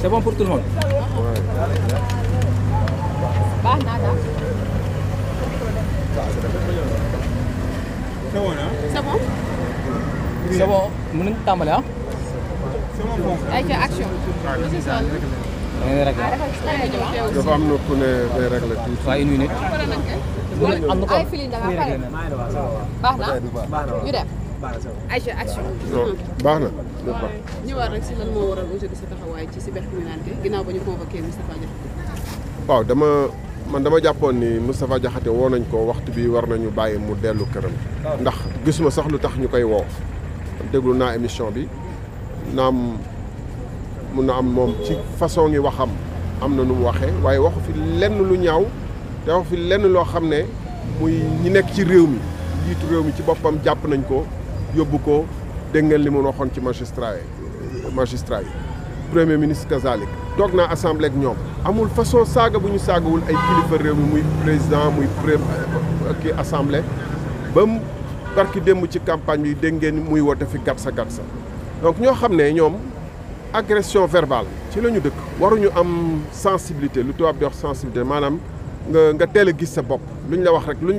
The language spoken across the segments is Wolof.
C'est bon pour tout le monde Bah, nada. C'est bon, hein C'est bon C'est bon. Vous n'êtes pas mal, hein C'est bon. action. C'est ça. une minute. action. de Ba. ñëwaat rek si lan moo waral waaw dama man dama jàppoon ni Moustapha Diakhaté woo nañ ko waxtu bi war nañu bàyyi mu dellu këram. ndax gisuma sax lu tax ñu koy woo. déglu naa émission bi naam mun na am moom ci façon ngi waxam am na nu mu waxee waaye waxu fi lenn lu ñaaw te waxu fi lenn loo xam ne muy ñi nekk ci réew mi jiitu réew mi ci boppam jàpp nañ ko yóbbu ko. dégg ngeen li mu magistrat magistrat premier ministre kazalik dogna assemblée ak amul façon saga buñu sagawul ay kilifa rew mi muy président muy assemblée ba barki ci campagne bi muy fi gatsa gatsa donc ño xamné ñom agression verbale ci lañu am sensibilité lu tubaab di sensibilité manam nga nga gis sa bop luñ la wax rek luñ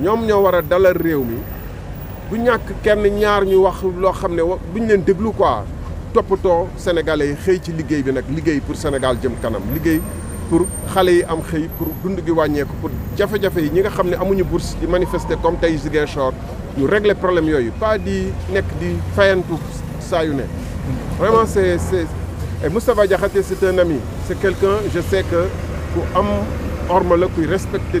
ñom ñoo wara dalal réew bu ñak kenn ñaar ñu wax lo buñ leen déglu quoi sénégalais xey ci liggéey bi pour Sénégal jëm kanam pour xalé yi am pour dund gi pour jafé jafé yi nga amuñu bourse di manifester comme tey régler problème yoyu pas di nek di vraiment c'est, c'est, et Moustapha un ami C'est quelqu'un je sais que ku am respecter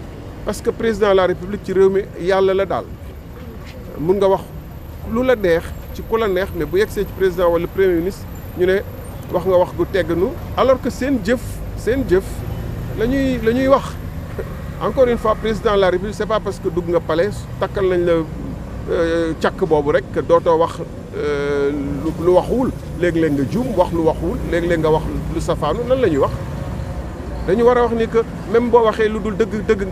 parce que président de la république ci réew mi yàlla la dal. mun nga wax lu la neex ci ku neex mais bu yegsee ci président wala premier ministre ñu ne wax nga wax gu teggnu alors que seen jëf seen jëf la ñuy la ñuy wax encore une fois président de la république c'est pas parce que dugg nga palais takkal nañ la euh, càkk boobu rek dootoo wax euh, lu waxul léeg-léeg nga juum wax lu waxul léeg-léeg nga wax lu safaanu lan la ñuy wax dañu wara wax que même si waxé luddul deug deug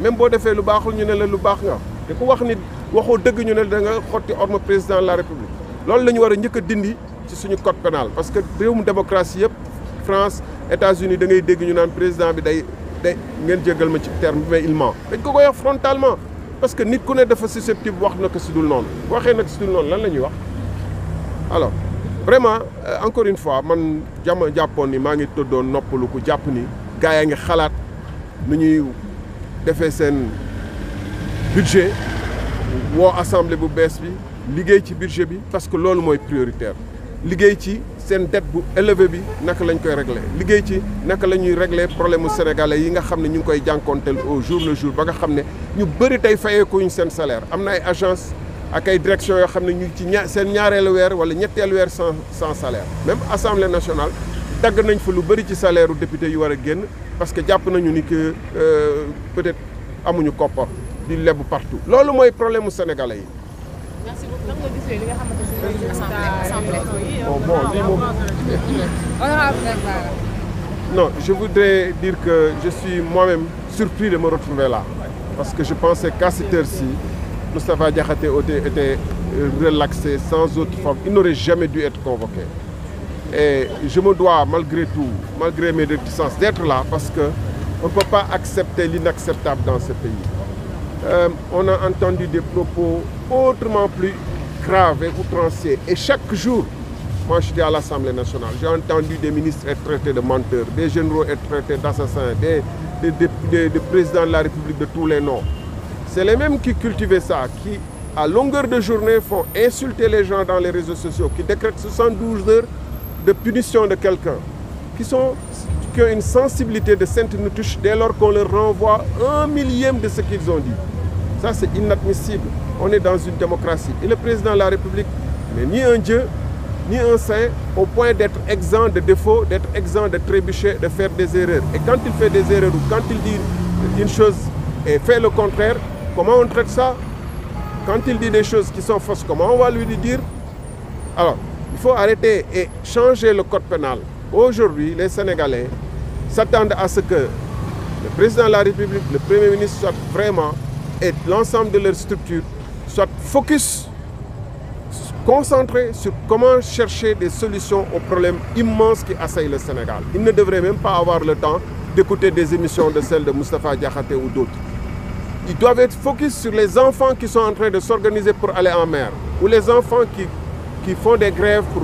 même bo défé lu ñu la lu bax nga le wax ni président de la république loolu que wara ñëk dindi ci suñu code pénal parce que réewum démocratie France États-Unis da ngay dégg président bi day mais il frontalement parce que nit ku ne dafa susceptible wax na ko si dul noonu waxee na alors vraiment euh, encore une fois man suis jàppoon ni ngi gaa yaa ngi xalaat nu ñuy defee seen budget woo assemblée bu bees bi liggéey ci budget bi parce que lolu moy prioritaire liggéey ci sen dette bu élevé bi nak lañ koy régler liggéey ci nak lañuy régler problème sénégalais yi nga xamné ñu ngi koy jankontel au jour le jour ba nga xam ne ñu bëri ko ñu sen salaire am na ay agence ak ay direction yo xamné ñu ci sen ñaarël wër wala ñetteelu wër sans sans salaire même assemblée nationale dagg nañ fa lu bari ci salaire du député yu war a génn parce que jàpp nañu ni que euh, peut-être amuñu koppar di lebu partout loolu mooy problème sénégalais yi. merci beaucoup nga li nga assemblée assemblée. bon bon non je voudrais dire que je suis moi-même surpris de me retrouver là parce que je pensais qu'à cette heure-ci Moustapha Diakhaté était relaxé sans autre forme il n'aurait jamais dû être convoqué. Et je me dois, malgré tout, malgré mes réticences, d'être là parce qu'on ne peut pas accepter l'inacceptable dans ce pays. Euh, on a entendu des propos autrement plus graves et outranciers. Et chaque jour, moi suis à l'Assemblée nationale, j'ai entendu des ministres être traités de menteurs, des généraux être traités d'assassins, des, des, des, des, présidents de la République de tous les noms. C'est les mêmes qui cultivaient ça, qui à longueur de journée font insulter les gens dans les réseaux sociaux, qui décrètent 72 heures de punition de quelqu'un, qui, sont, une sensibilité de sainte nous touche dès lors qu'on leur renvoie un millième de ce qu'ils ont dit. Ça, c'est inadmissible. On est dans une démocratie. Et le président de la République n'est ni un dieu, ni un saint, au point d'être exempt de défauts, d'être exempt de trébucher, de faire des erreurs. Et quand il fait des erreurs ou quand il dit une chose et fait le contraire, comment on traite ça Quand il dit des choses qui sont fausses, comment on va lui dire Alors, faut arrêter et changer le code pénal. Aujourd'hui, les Sénégalais s'attendent à ce que le président de la République, le Premier ministre soit vraiment, et l'ensemble de leurs structures, soit focus, concentré sur comment chercher des solutions aux problèmes immenses qui assaillent le Sénégal. Ils ne devraient même pas avoir le temps d'écouter des émissions de celles de Mustafa Diakhaté ou d'autres. Ils doivent être focus sur les enfants qui sont en train de s'organiser pour aller en mer, ou les enfants qui qui font des grèves pour,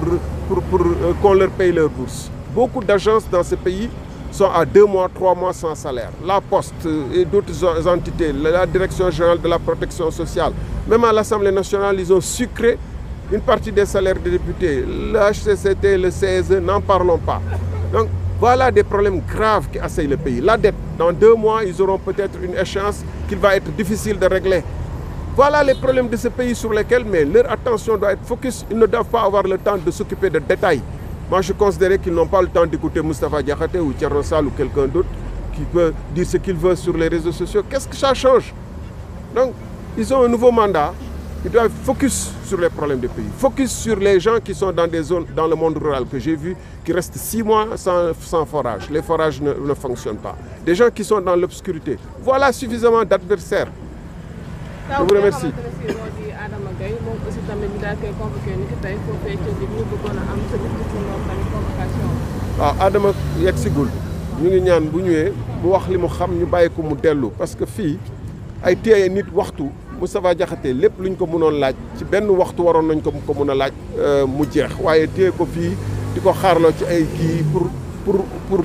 pour, pour euh, qu'on leur paye leur bourse. Beaucoup d'agences dans ce pays sont à deux mois, trois mois sans salaire. La Poste euh, et d'autres entités, la Direction générale de la protection sociale, même à l'Assemblée nationale, ils ont sucré une partie des salaires des députés. Le HCCT, le CSE, n'en parlons pas. Donc voilà des problèmes graves qui assaillent le pays. La dette, dans deux mois, ils auront peut-être une échéance qu'il va être difficile de régler. Voilà les problèmes de ce pays sur lesquels mais leur attention doit être focus. Ils ne doivent pas avoir le temps de s'occuper de détails. Moi, je considérais qu'ils n'ont pas le temps d'écouter Mustafa Diakhaté ou Thierry Sall ou quelqu'un d'autre qui peut dire ce qu'il veut sur les réseaux sociaux. Qu'est-ce que ça change Donc, ils ont un nouveau mandat. Ils doivent focus sur les problèmes du pays. Focus sur les gens qui sont dans des zones, dans le monde rural que j'ai vu, qui restent six mois sans, forage. Les forages ne, ne fonctionnent pas. Des gens qui sont dans l'obscurité. Voilà suffisamment d'adversaires. je vous remercie. waaw ah, Adama yegg sigul ñu ngi ñaan bu ñëwee bu wax li xam ñu bàyyi ko mu dellu parce que fi ay téye nit waxtu Moustapha Diakhaté lepp luñ ko mënon laaj ci benn waxtu waron nañ ko ko mëna laaj euh mu jeex waaye téye ko fi diko xarlo ci ay ki pour pour pour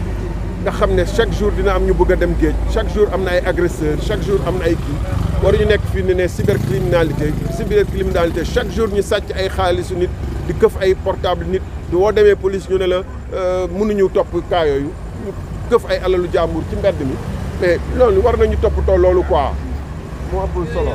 nga xam ne chaque jour dina am ñu bëgg a dem géej chaque jour am na ay agresseur chaque jour am na ay kii war ñu nekk fii ni ne cybercriminalité cybercriminalité chaque jour ñu sàcc ay xaalisu nit di këf ay portable nit di woo demee police ñu ne la euh, mënuñu topp cas yooyu ñu këf ay alalu jàmbur ci mbedd mi mais loolu war nañu topp toppatoo loolu quoi mu amul solo